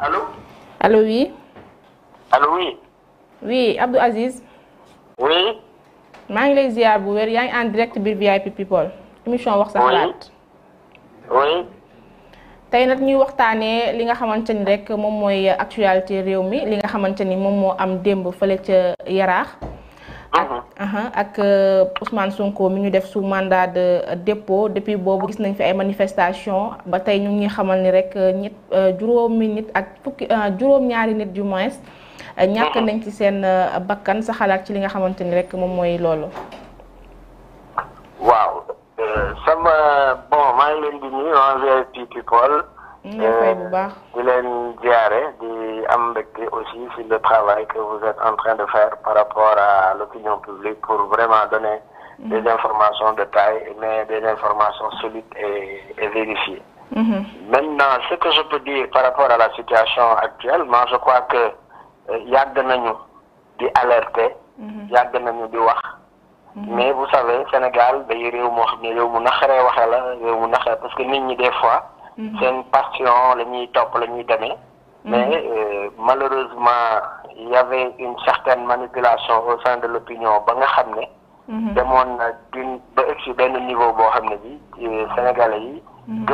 allo. allo oui. allo oui. oui Abdou Aziz. oui. maa ngi lay ziar bu wér yaa ngi en direct biir VIP People émission wax sa xalaat. oui. tey nag ñuy waxtaanee li nga xamante ni rek moom mooy actualité réew mi li nga xamante ni moom moo am démb fële ca Yaraax. ak euh, Ousmane Sonko mi ñu def sous mandat de euh, dépôt depuis boobu gis nañ fi ay manifestations ba tey ñu ngi xamal ni rek euh, ñett juróomi nit ak fukki juróom-ñaari nit du moins. ñàkk nañ ci seen bakkan sa xalaat ci li nga xamante ni rek moom mooy loolu. waaw sama bon maa leen di nuyu en Vous euh, leen jaare di aussi sur le travail que vous êtes en train de faire par rapport à l'opinion publique pour vraiment donner mhm. des informations de taille, mais des informations solides et, vérifiées. Mhm. Maintenant, ce que je peux dire par rapport à la situation actuelle, moi je crois que il y a de nous il y a de nous de Mais vous savez, Sénégal, il y a des gens qui ont parce que nous, des fois, c'est une passion le ñuy top, le mhm. mais euh, malheureusement il y avait une certaine manipulation au sein de l'opinion ba nga ne. Mhm. niveau euh, Sénégalais mhm.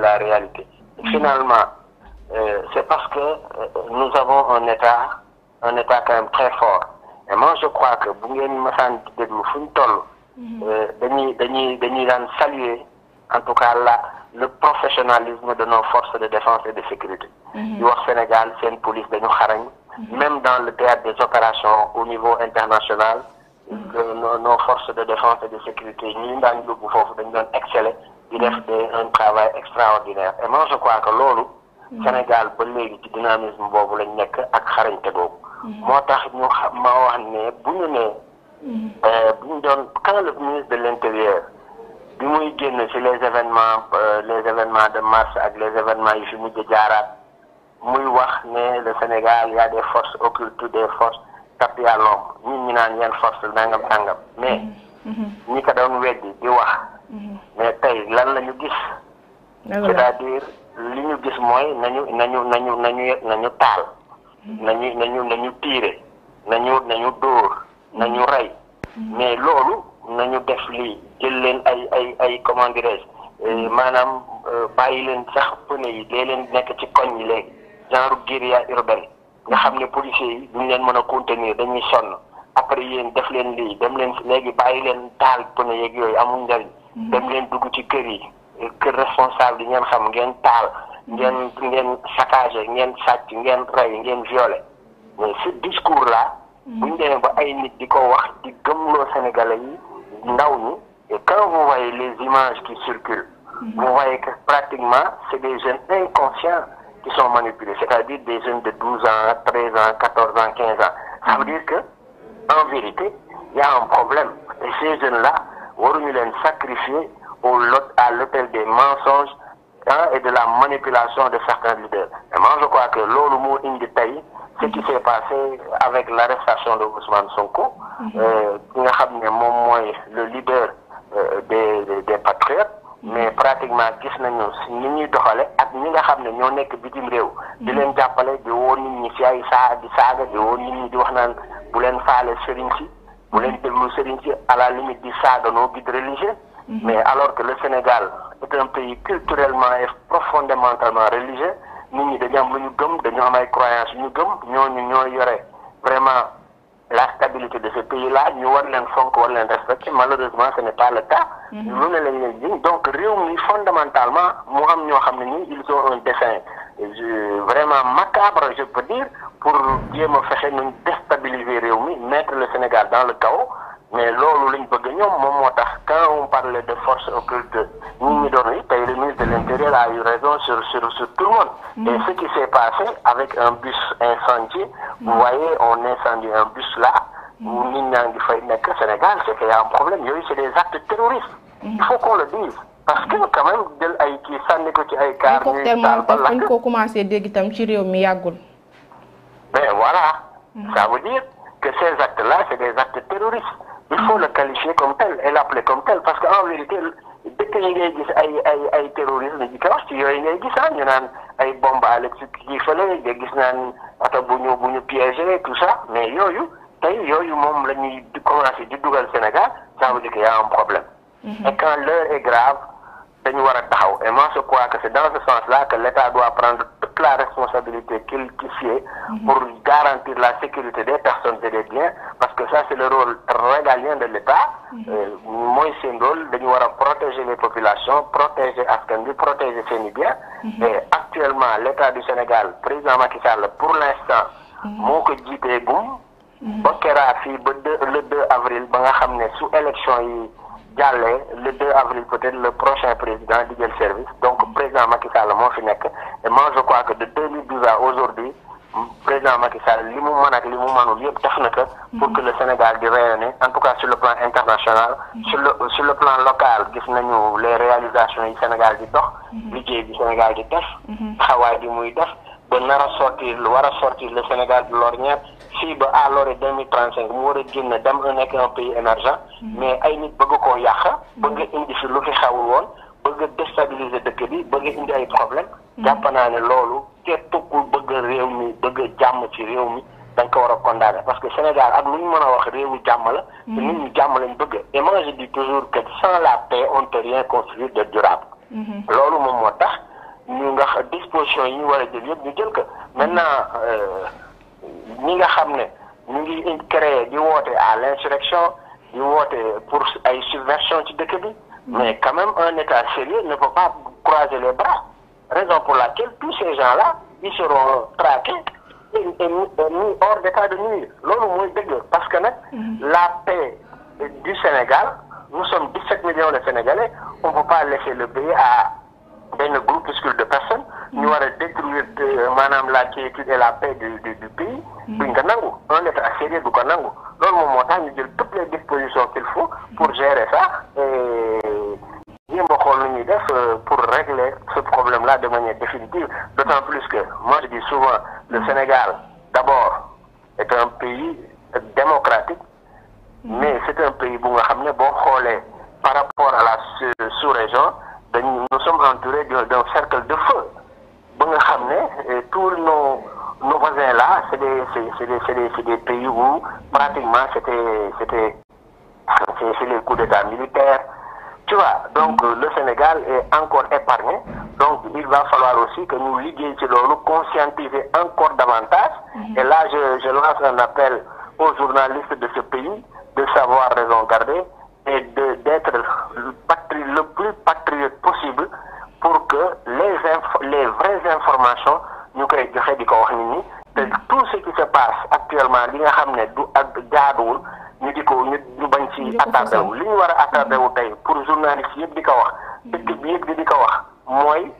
la réalité. finalement euh, c'est parce que nous avons un état un état quand même très fort et moi je crois que bu en tout cas le professionnalisme de nos forces de défense et de sécurité. Le mhm. wax Sénégal une police de dañu xarañ. Mhm. même dans le théâtre des opérations au niveau international. Mhm. nos forces de défense et de sécurité nous, dans fait nous exceller di fait un travail extraordinaire et moi je crois que le Sénégal ba le dynamisme il faut que ak xarañte Moi, je tax ñu ma avons ne bu euh, quand le ministre de l'intérieur génn ci les événement euh, les événements de mars ak les événement yu fi mujj jaaraat muy wax ne le Sénégal y a force forces occultes des forces tapis à l'ombre ñun ñu naan yenn force nangam sàngam mais mm-hmm. Mm-hmm. ñi ko doon weddi di wax mm-hmm. mais tey lan la ñu gis c'est-à-dire li ñu gis mooy nañu nañu nañu nañu nañu taal nañu nañu nañu tiire nañu nañu dóor na ñu rey mais loolu nañu def lii jël leen ay ay ay comment dirais-je euh, maanaam euh, bàyyi leen sax pneu yi dee leen nekk ci koñ yi léegi genre guérilla urbaine nga xam ne policiers yi duñ leen mën a contenir dañuy sonn après yéen def leen lii dem leen léegi bàyyi leen taal pneu yeeg yooyu amul njariñ mhm. dem leen dugg ci kër yi euh, kër responsable yi ngeen xam ngeen taal mhm. ngeen ngeen saccagé ngeen sàcc ngeen rey ngeen violé mais ce discours là mhm. buñ demee ba ay nit di ko wax di gëmloo sénégalais yi ndaw ñi Et quand vous voyez les images qui circulent, mhm. vous voyez que pratiquement, c'est des jeunes inconscients qui sont manipulés, c'est-à-dire des jeunes de 12 ans, 13 ans, 14 ans, 15 ans. Ça veut dire que, en vérité, il y a un problème. Et ces jeunes-là, nous les sacrifier au lot, à l'hôtel des mensonges hein, et de la manipulation de certains leaders. Et moi, je crois que l'Olumo Inditaï, ce qui s'est passé avec l'arrestation de Ousmane Sonko, mhm. euh, a le leader euh, des des patriotes mais pratiquement gis nañu ni ñuy doxale ak ñi nga xam ne ñoo nekk bitim di leen jàppale di woo nit ñi si ay saa di saaga di woo à la limite di saaga noo religieux mhm. mais alors que le Sénégal est un pays culturellement et religieux nit ñi dañu am lu ñu dañu am ay croyances ñu vraiment la stabilité de ce pays-là ñu Orleans, leen fonk war leen malheureusement ce n'est pas le cas. Mhm. donc Réumi, fondamentalement ils ont un dessin vraiment macabre je peux dire pour bien me faire déstabiliser Réumi, mettre le Sénégal dans le chaos mais là, nous bëgg nous moom les de forces occultes ni ni et le ministre de l'Intérieur a eu raison sur, tout le monde. Mm-hmm. Et ce qui s'est passé avec un bus incendié, vous mm-hmm. voyez, on incendie un bus là, mm-hmm. où ni n'y a n'est Sénégal, c'est qu'il y a un problème. Il y des actes terroristes. Il faut qu'on le dise. parce que quand même il ay a des ci ay. kaar ñuy mais voilà. ça veut dire que ces actes là c'est des actes terroristes il faut le qualifier comme tel et l'appeler comme tel parce qu'en vérité il yi y a ay ay ay terrorisme di ko wax ci yooyu ngay gis ah ñu naan ay bombe à l'exécutif fallait gis naan oto bu ñu bu piégé tout ça mais yooyu tey yooyu moom la ñuy commencé di dugal Sénégal ça veut dire qu'il y a un problème. Mm-hmm. et quand l'heure est grave et moi je crois que c'est dans ce sens-là que l'État doit prendre toute la responsabilité qu'il fait mhm. pour garantir la sécurité des personnes et des biens parce que ça c'est le rôle régalien de l'État mhm. euh, mooy symbole, rôle dañu protéger les populations protéger askan bi protéger ses biens mhm. et actuellement l'État du Sénégal président Macky Sall pour l'instant moo ko jiitee gum ba le 2 avril ba nga xam sous élection le 2 avril peut-être le prochain président du service donc président Macky Sall mon fi et moi je crois que de 2012 à aujourd'hui président Macky Sall li mu mën ak li pour que le Sénégal devienne, en tout cas sur le plan international sur le sur le plan local les réalisations du Sénégal di dox budget du Sénégal du def le travail du def ba nar a sortir sortir le Sénégal de l'ornière fii ba à l'horizon deux mille trente cinq mu war a génn dem un nekk un pays émergent mais ay nit bëgg koo yàq bëgg indi fi lu fi xawul woon bëgg déstabiliser dëkk bi bëgg indi ay problème mm-hmm. jàpp naa ne loolu képp ku bëgg réew mi bëgg jàmm ci réew mi dañ ko war a condamné parce que Sénégal ak lu ñu mën a wax réewu jàmm la mm-hmm. te nit ñu jàmm lañ bëgg et moi je dis toujours que sans la paix on rien construire de durable mm-hmm. loolu moom moo tax ñu nga disposition yi ñu war jël yëpp ñu maintenant euh, ñi nga à l'insurrection di pour ay subversion ci dëkk mm-hmm. mais quand même un état sérieux ne peut pas croiser les bras raison pour laquelle tous ces gens là ils seront traqués et mis hors d'état de nuit dëgg parce que mm-hmm. la paix du Sénégal nous sommes 17 millions de Sénégalais on ne peut pas laisser le pays à groupe groupuscule de personnes nous mm. war a détruire euh, la quiétude et la paix du du pays. Mm. duñ ko nangu un état sérieux du ko Dans le moment, moo tax toutes les dispositions qu'il faut pour mm. gérer ça et y a xool nu euh, pour régler ce problème là de manière définitive d'autant plus que moi je dis souvent le Sénégal. Tu vois, donc euh, le Sénégal est encore épargné. Donc il va falloir aussi que nous liguions nous conscientiser encore davantage. Mhm. Et là, je, lance un appel aux journalistes de ce pays de savoir raison garder et d'être le, plus patriote possible pour que les, les vraies informations nous créent du tout ce qui se passe actuellement li nga xam ne du ak jaaduwul ñu di ko ñu bañ ci attardé wu li ñu war a attardé wu tey pour journaliste yëpp di ko wax dëkk mm-hmm. bi yëpp di ko wax mooy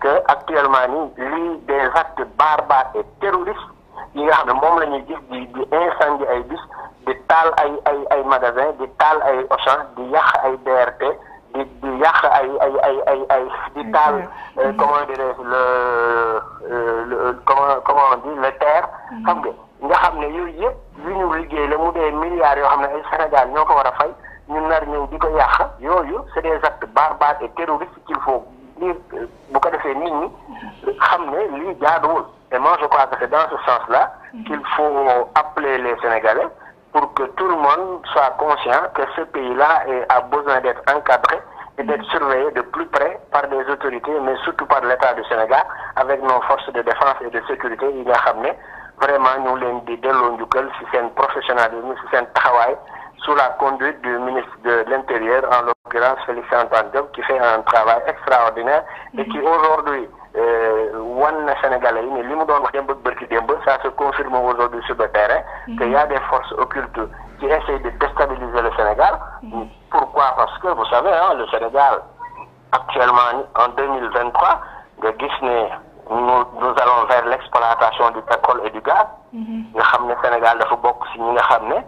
que actuellement nii lii des actes barbares et terroristes yi nga xam ne moom la ñuy gis di di incendie ay bis di taal ay ay ay magasin di taal ay Auchan di yàq ay BRT di di yàq ay ay ay ay ay di taal mm-hmm. Euh, mm-hmm. comment dire le euh, le comment comment on dit le terre mm-hmm. xam nga nga xam ne yooyu yëpp yu ñu liggéey la mu dee milliards yoo xam ne ay Sénégal ñoo ko war a fay ñu nar ñëw di ko yàq yooyu c'est des actes barbares et terroristes qu'il faut lii bu ko defee nit ñi xam ne lii jaaduwul et moi je crois que c'est dans ce sens-là qu'il faut appeler les Sénégalais pour que tout le monde soit conscient que ce pays-là a besoin d'être encadré et d'être mm. surveillé de plus près par des autorités, mais surtout par l'État du Sénégal, avec nos forces de défense et de sécurité il y a vraiment nous leen di si c'est ci un professionnalisme c'est un travail sous la conduite du ministre de l'Intérieur, en l'occurrence Félix Antoine qui fait un travail extraordinaire et qui mhm. aujourd'hui one euh, Sénégalais mais ça se confirme aujourd'hui sur le terrain mhm. qu'il y a des forces occultes qui essayent de déstabiliser le Sénégal mhm. pourquoi parce que vous savez hein, le Sénégal actuellement en 2023 de Disney nous allons vers l'exploitation du pétrole et du gaz nga le Sénégal dafa le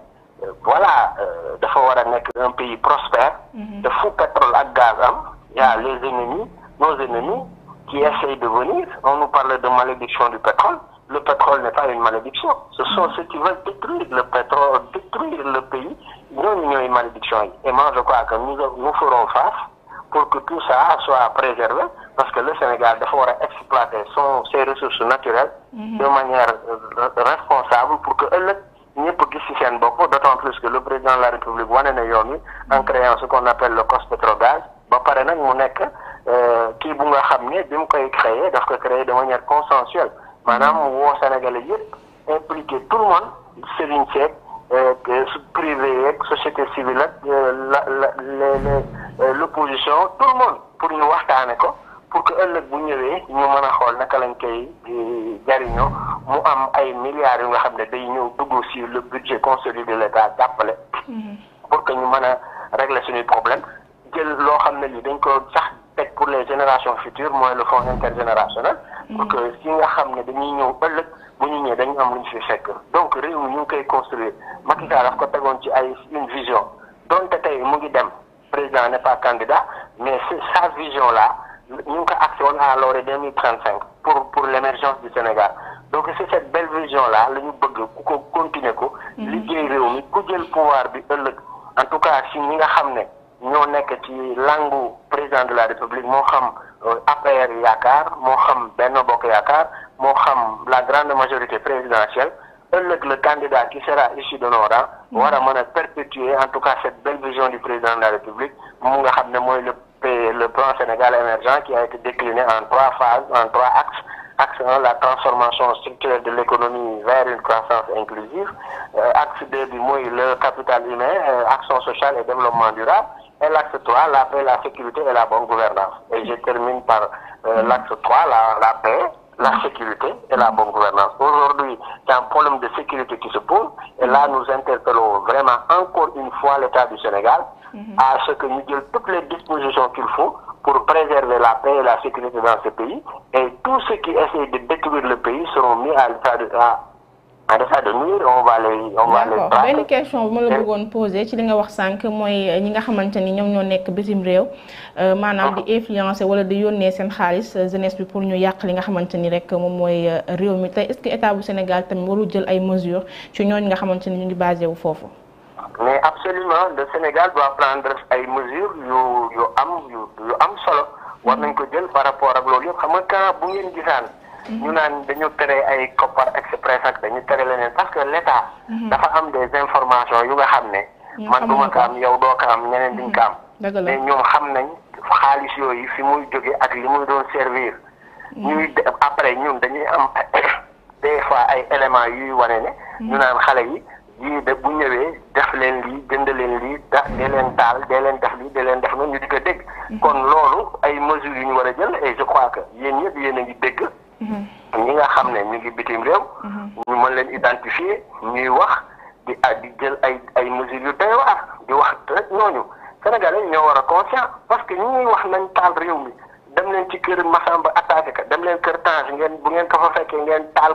voilà euh, de war un pays prospère. de mhm. fou pétrole à gaz Il y a les ennemis nos ennemis qui essayent de venir on nous parle de malédiction du pétrole le pétrole n'est pas une malédiction ce sont mhm. ceux qui veulent détruire le pétrole détruire le pays Nous, avons une malédiction et moi je crois que nous nous ferons face pour que tout ça soit préservé parce que le Sénégal de Fawara, exploiter son ses ressources naturelles mhm. de manière euh, responsable pour que pétrole ci d'autant plus que le président de la république en mm. créant ce qu'on appelle le COS-Pétrogaz ba pare nag mu nekk euh, kii bu nga créer de manière consensuelle mm. Madame mu Sénégalais tout le monde les ceeg euh, privé société civile euh, la l'opposition tout le monde pour ñu waxtaane pour que ëllëg bu nous ñu mën a xool naka lañ mu am ay milliards yu nga xam ne day ñëw dugg sur le budget consolidé de l'État jàppale mm-hmm. pour que ñu mën a régler suñuy problème jël loo xam ne lii dañ ko sax teg pour les générations futures mooy le fonds intergénérationnel mm-hmm. pour que si nga xam ne dañuy ñëw ëllëg bu ñu ñëwee dañu am lu ñu fi fekk donc réew ñu ngi koy construire Macky Sall daf ko tegoon ci ay une vision donte tey mu ngi dem président n'est pas candidat mais sa vision là nous avons action à 2035 pour pour l'émergence du Sénégal donc c'est cette belle vision là que continuer ko. pouvoir en tout cas si nous langu président de la république nous APR Yakar, nous Benno la grande majorité présidentielle. le candidat qui sera issu de nos rangs en tout cas cette belle vision du président de la République le le plan Sénégal émergent qui a été décliné en trois phases, en trois axes. Axe 1, la transformation structurelle de l'économie vers une croissance inclusive. Euh, axe 2, du le capital humain, euh, action sociale et développement durable. Et l'axe 3, la paix, la sécurité et la bonne gouvernance. Et je termine par euh, l'axe 3, la, paix, la sécurité et la bonne gouvernance. Aujourd'hui, c'est un problème de sécurité qui se pose. Et là, nous interpellons vraiment encore une fois l'État du Sénégal à ce que nous prenions toutes les dispositions qu'il faut pour préserver la paix et la sécurité dans ce pays. Et tous ceux qui essaient de détruire le pays seront mis à l'état de, à on va les, battre. va les question que je la vous poser ci li nga wax que mooy euh, ñi nga xamante ni ñoom ñoo nekk bitim réew euh, maanaam di ah. influencer wala di yónnee seen xaalis euh, jeunesse bi pour ñu yàq li nga xamante ni rek moom mooy réew mi est-ce que l'État du Sénégal a warul jël ay mesures ci ñooñu nga xamante ni ñu ngi basé wu foofu. mais absolument le Sénégal doit prendre ay mesures yu yu am yu yu am solo war nañ ko jël par rapport ak loolu yëpp xam nga quand bu ngeen gisaan. ñu naan dañu tere ay koppar express ak dañu tere leneen parce que l'État. Mhm. dafa am des informations yu nga xam ne. man du ma ko am yow doo ko am ñeneen duñ ko am. Mhm. mais ñoom xam nañ xaalis yooyu fi muy jóge ak li muy doon servir. Mhm. ñuy après ñun dañuy am des fois ay éléments yuy wane ne. ñu naan xale yi. yii de bu ñëwee def leen lii jënd leen lii da dee leen daal dee leen def lii dee leen def noonu ñu di ko dégg. Mhm. kon loolu ay mesures yu ñu war a jël ay je crois que yéen ñëpp a ngi dégg. Mhm. ñi nga xam ne ñu ngi bitim réew. Mhm. ñu mën leen identifier ñuy wax di ah, di jël ay ay mesures yu doy waar di wax rek ñooñu Sénégalais ñoo war a conscient parce que ñu ñuy wax nañ taal réew mi dem leen ci kër Massamba attaqué ka dem leen kër Tange ngeen bu ngeen ko fa fekkee ngeen taal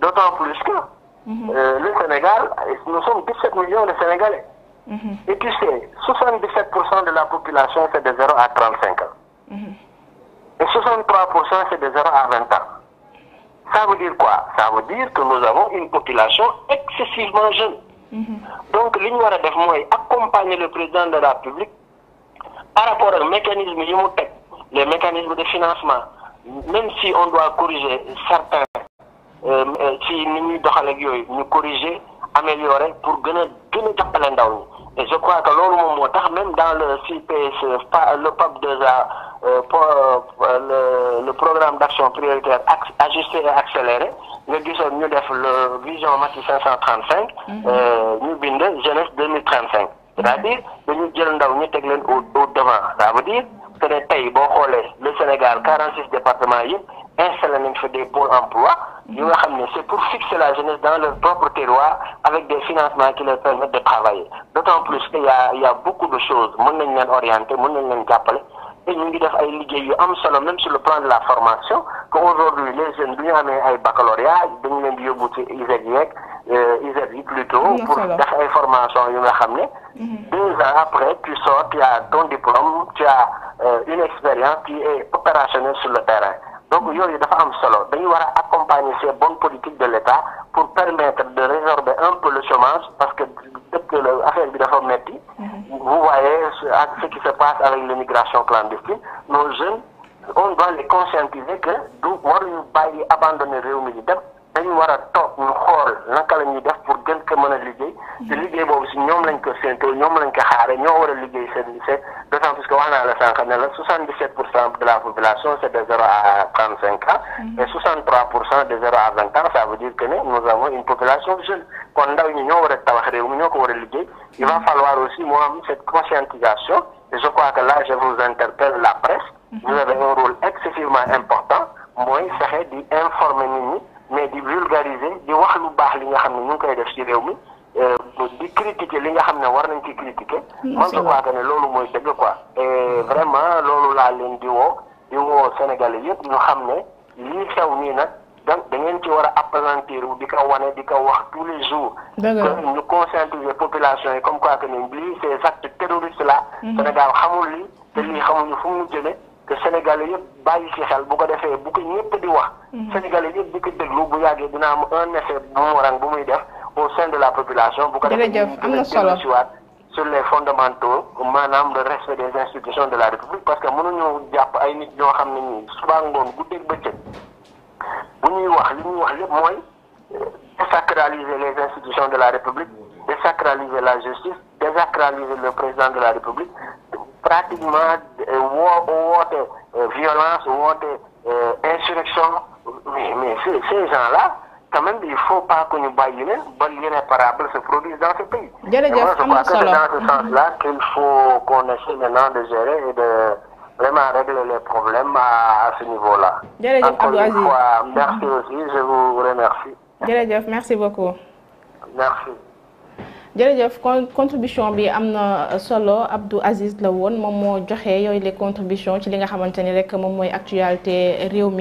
d'autant plus que mhm. mhm. euh, le Sénégal nous sommes 17 millions de Sénégalais mhm. et puis sais 77 de la population c'est de 0 à 35 ans et 63 c'est de 0 à 20 ans ça veut dire quoi ça veut dire que nous avons une population excessivement jeune Mhm. donc li ñu accompagner le président de la République par rapport au mécanisme yi mu de financement même si on doit corriger certains si euh, euh, nous ñuy corriger améliorer pour gën a gën et je crois que loolu même dans le CPS, le PAP déjà euh, euh, le le programme d'action prioritaire ajusté et accéléré nous disons ñu def le vision Mati 535. nous bindons jeunesse 2035. c'est-à-dire dañu jël ndaw ñu au devant ça veut que pays le Sénégal 46 départements un installé des pôles emploi nga c'est pour fixer la jeunesse dans leur propre terroir avec des financements qui leur permettent de travailler d'autant plus qu'il y a beaucoup de choses mën nañ leen orienter mën nañ et def ay liggéey yu am solo même sur le plan de la formation que aujourd'hui les jeunes bi ñu amee ay baccalauréat ils leen di yóbbu ci euh, plutôt pour def ay formation yu nga xam mhm. deux ans après tu sors tu as ton diplôme tu as euh, une expérience qui est opérationnelle sur le terrain donc mhm. yooyu dafa am solo dañu il a accompagner ces bonnes politiques de l'État pour permettre de résorber un peu le chômage parce que dëkk la affaire bi dafa à ce qui se passe avec l'immigration clandestine, nos jeunes, on doit les conscientiser que du ne bàyyi pas réew le di dañu war a toog ñu xool naka la ñuy def pour gën ko mën a liggéey mm. te liggéey boobu si ñoom lañ ko séentoo ñoom lañ ko xaare ñoo war a liggéey seen lycée d'autant plus que wax naa la sànq ne la 77 pour cent de la population c'est de 0 à 35 ans mm. et 63 pour cent de 0 à 20 ans ça veut dire que ne nous avons une population jeune kon ndaw ñi ñoo war a tabax réew mi ñoo ko war a liggéey il va mm. falloir aussi moo am cette conscientisation et je crois que là je vous interpelle la presse mm-hmm. vous avez un rôle excessivement important mooy fexe di informer nit ñi mais di vulgariser di wax lu baax li nga xam ne ñu ngi koy def si réew mi euh, di critiquer li nga xam ne war nañ ci critiquer man je crois que ne loolu mooy dëgg quoi et vraiment loolu laa leen di woo di woo Sénégalais yëpp ñu xam ne lii xew nii nag da da ngeen ci war a bu di ka wane di ko wax tous les jours ñu conscientiser population yi comme quoi que ne lii ces actes terroristes là mm-hmm. Sénégal xamul lii te lii xamuñu fu mu jëlee te Sénégalais yëpp bàyyi ci xel bu ko defee bu ko ñëpp di wa mhm. Sénégalais yëpp di ko déglu bu yàggee dina am un effet boomerang bu muy def au sein de la population. bu ko defee am na solo sur les fondamentaux maanaam le respect des institutions de la république parce que mënuñu jàpp ay nit ñoo xam ne ñii suba ngoon guddeeg bëccëg bu ñuy wax li ñuy wax lépp mooy euh, désacraliser les institutions de la république désacraliser la justice désacraliser le président de la république. pratiquement euh, ou autre euh, violence autre euh, insurrection mais mais ces gens-là quand même il ne faut pas que ñu bàyyi leen ba se produise dans ce pays. je crois que c'est dans ce sens-là qu'il faut qu'on essaie maintenant de gérer et de vraiment régler les problèmes à, ce niveau-là. merci aussi je vous remercie. merci beaucoup. merci. jërëjëf contribution bi am na solo Abdou Aziz la woon moom moo joxe yooyu les contributions ci li nga xamante ni rek moom mooy actualité réew mi.